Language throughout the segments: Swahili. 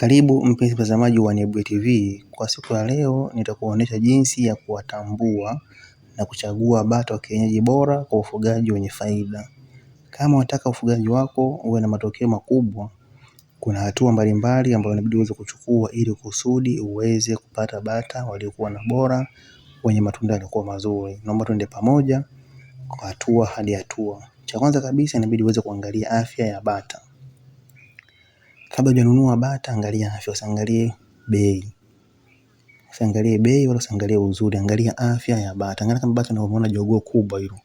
Karibu mpenzi mtazamaji wa Nebuye TV. Kwa siku ya leo nitakuonesha jinsi ya kuwatambua na kuchagua bata wa kienyeji bora kwa ufugaji wenye faida. Kama unataka ufugaji wako uwe na matokeo makubwa, kuna hatua mbalimbali ambayo inabidi uweze kuchukua ili kusudi uweze kupata bata waliokuwa na bora wenye matunda yaliokuwa mazuri. Naomba tuende pamoja kwa hatua hadi hatua. Cha kwanza kabisa inabidi uweze kuangalia afya ya bata kabla hujanunua bata, angalia afya, usiangalie bei. Usiangalie bei wala usiangalie uzuri, angalia afya ya bata. Angalia kama bata unaona jogoo kubwa hilo,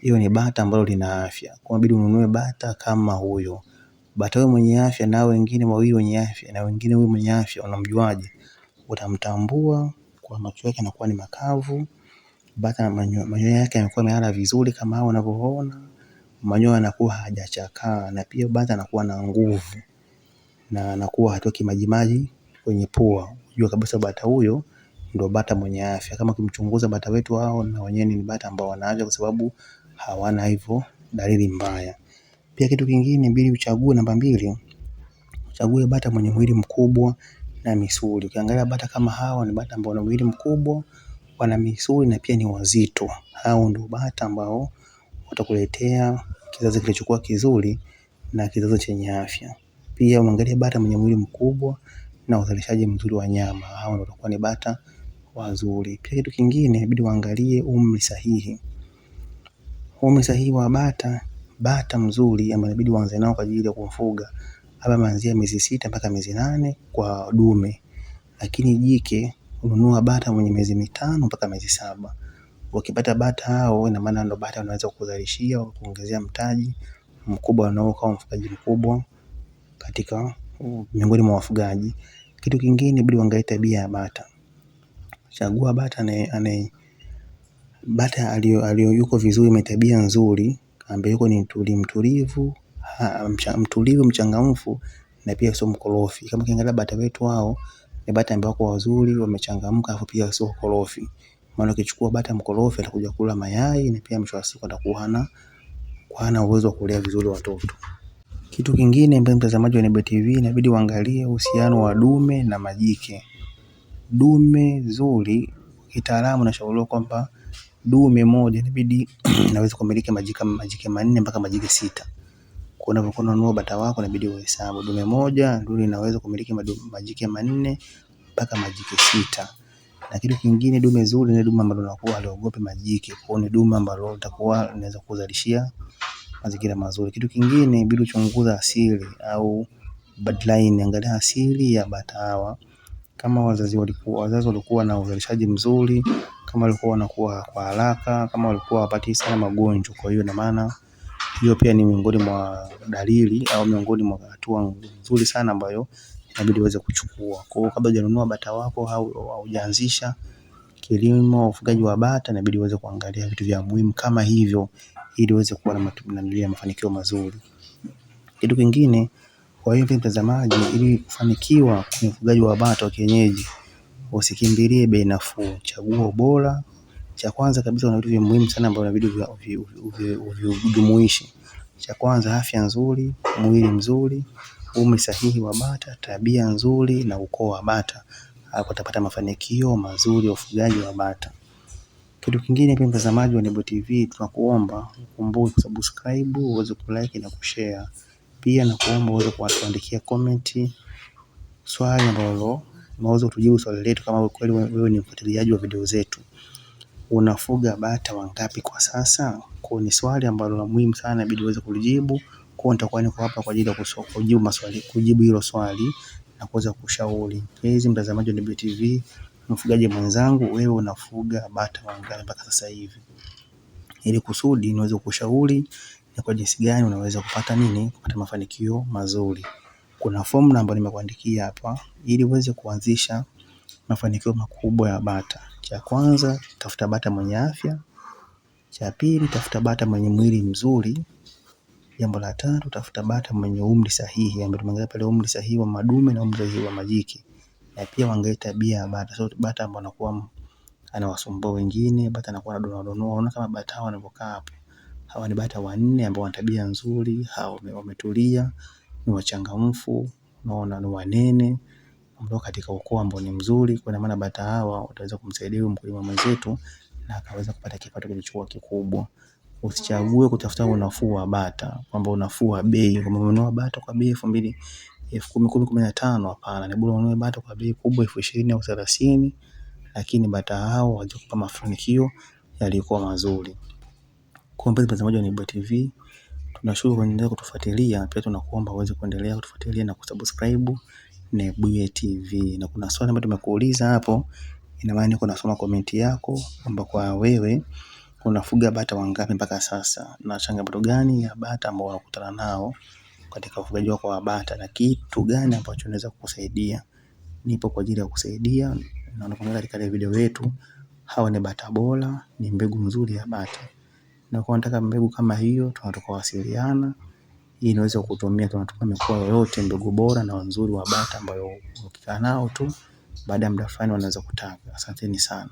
hiyo ni bata ambalo lina afya, kwa inabidi ununue bata kama huyo. Bata wewe mwenye afya na wengine wawili wenye afya na wengine wewe mwenye afya, unamjuaje? Utamtambua kwa macho yake yanakuwa ni makavu, bata manyoya yake yanakuwa yamelala vizuri kama hao unavyoona, manyoya yanakuwa hajachakaa, na pia bata anakuwa na nguvu na anakuwa hatoki majimaji kwenye pua, jua kabisa bata huyo ndo bata mwenye afya. Kama kimchunguza bata wetu hao, na wenyewe ni bata ambao wana afya, kwa sababu hawana hivyo dalili mbaya. Pia kitu kingine mbili, uchague namba mbili, uchague bata mwenye mwili mkubwa na misuli. Ukiangalia bata kama hawa ni bata ambao wana mwili mkubwa, wana misuli na pia ni wazito. Hao ndio bata ambao watakuletea kizazi kilichokuwa kizuri na kizazi chenye afya. Pia uangalie bata mwenye mwili mkubwa na uzalishaji mzuri wa nyama, hao ndio watakuwa ni bata wazuri. Pia kitu kingine inabidi waangalie umri sahihi, umri sahihi wa bata. Bata mzuri ambaye inabidi uanze nao kwa ajili ya kumfuga hapa, kuanzia miezi sita mpaka miezi nane kwa dume, lakini jike ununua bata mwenye miezi mitano mpaka miezi saba. Ukipata bata hao, ina maana ndo bata wanaweza kukuzalishia kuongezea mtaji mkubwa, unao mfugaji mkubwa katika miongoni mwa wafugaji. Kitu kingine bidi uangalie tabia ya bata. Chagua bata anaye ane, bata alio alio yuko vizuri mwenye tabia nzuri ambaye yuko ni mtulivu mtulivu mtulivu mchangamfu na pia sio mkorofi. Kama ukiangalia bata wetu wao ni bata ambao wako wazuri wamechangamka afu pia sio mkorofi. Maana ukichukua bata mkorofi atakuja kula mayai na pia mwisho wa siku atakuwa hana hana uwezo wa kulea vizuri watoto. Kitu kingine mpenzi mtazamaji wa Nebuye TV inabidi uangalie uhusiano wa dume na majike. Dume zuri kitaalamu nashauriwa kwamba dume moja inabidi naweza kumiliki majike majike manne mpaka majike sita. Kwa unapokuwa unanunua bata wako inabidi uhesabu. Dume moja ndio inaweza kumiliki majike manne mpaka majike sita. Na kitu kingine dume zuri ni dume ambalo linakuwa haliogopi majike. Kwa hiyo ni dume ambalo litakuwa linaweza kuzalishia mazingira mazuri. Kitu kingine bidi uchunguza asili au bloodline, angalia asili ya bata hawa kama wazazi walikuwa wazazi walikuwa na uzalishaji mzuri, kama walikuwa wanakuwa kwa haraka, kama walikuwa wapati sana magonjwa. Kwa hiyo na maana hiyo pia ni miongoni mwa dalili au miongoni mwa hatua nzuri sana ambayo inabidi uweze kuchukua. Kwa hiyo kabla hujanunua bata wako au hujaanzisha kilimo, ufugaji wa bata inabidi uweze kuangalia vitu vya muhimu kama hivyo ili uweze kuwa na mafanikio mazuri. Kitu kingine kwa hiyo mtazamaji, ili kufanikiwa kwenye ufugaji wa bata wa kienyeji, usikimbilie bei nafuu, chagua ubora. Cha kwanza kabisa kuna vitu vya muhimu sana ambavyo inabidi uvijumuishe. Cha kwanza afya nzuri, mwili mzuri, umri sahihi wa bata, tabia nzuri na ukoo wa bata watapata mafanikio mazuri ya ufugaji wa bata. Kitu kingine pia mtazamaji wa Nebuye TV tunakuomba ukumbuke kusubscribe, uweze kulike na kushare, pia nakuomba uweze kuandikia comment swali ambalo unaweza kutujibu swali letu, kama kweli wewe ni mfuatiliaji wa video zetu, unafuga bata wangapi kwa sasa? Kwa ni swali ambalo la muhimu sana, inabidi uweze kulijibu. Kwa nitakuwa niko hapa kwa ajili ya kujibu maswali, kujibu hilo swali na kuweza kushauri. Mpenzi mtazamaji wa Nebuye TV, mfugaji mwenzangu, wewe unafuga bata wangapi mpaka sasa hivi, ili kusudi niweze kushauri na kwa jinsi gani unaweza kupata nini, kupata mafanikio mazuri. Kuna fomu namba nimekuandikia hapa ili uweze kuanzisha mafanikio makubwa ya bata. Cha kwanza, tafuta bata mwenye afya. Cha pili, tafuta bata mwenye mwili mzuri. Jambo la tatu, tafuta bata mwenye umri sahihi, ambaye tumeangalia pale umri sahihi wa madume na umri sahihi wa majike, na pia uangalie tabia ya bata, sio bata ambao anakuwa anawasumbua wengine, bata anakuwa anadonoa donoa. Unaona kama bata hawa wanavyokaa hapo hawa ni bata wanne ambao wana tabia nzuri, hawa wametulia, ni wachangamfu, unaona ni wanene ambao katika ukoo ambao ni mzuri, kwa maana bata hawa wataweza kumsaidia huyu mkulima mwenzetu na akaweza kupata kipato kilichokuwa kikubwa usichague kutafuta unafuu wa bata, kwamba unafuu wa bei, kwamba unanunua bata kwa bei elfu mbili elfu kumi kumi kumi na tano. Hapana, ni bora ununue bata kwa bei kubwa elfu ishirini au thelathini, lakini bata hao watakupa mafanikio yaliyokuwa mazuri. Kwa mpenzi mtazamaji wa Nebuye TV, tunashukuru kwa kuendelea kutufuatilia, pia tunakuomba uweze kuendelea kutufuatilia na kusubscribe Nebuye TV. Na kuna swali ambalo tumekuuliza hapo, ina maana niko nasoma komenti yako kwamba kwa wewe Unafuga bata wangapi mpaka sasa? Na changamoto gani ya bata ambao unakutana nao katika ufugaji wako wa bata na kitu gani ambacho unaweza kukusaidia? Nipo kwa ajili ya kusaidia na katika video yetu hawa ni bata bora, ni mbegu nzuri ya bata. Na kwa nataka mbegu kama hiyo tunaweza tukawasiliana ili niweze kukutumia, mikoa yoyote mbegu bora na nzuri wa bata ambayo ukikaa nao tu baada ya muda fulani wanaweza kutaga. Asanteni sana.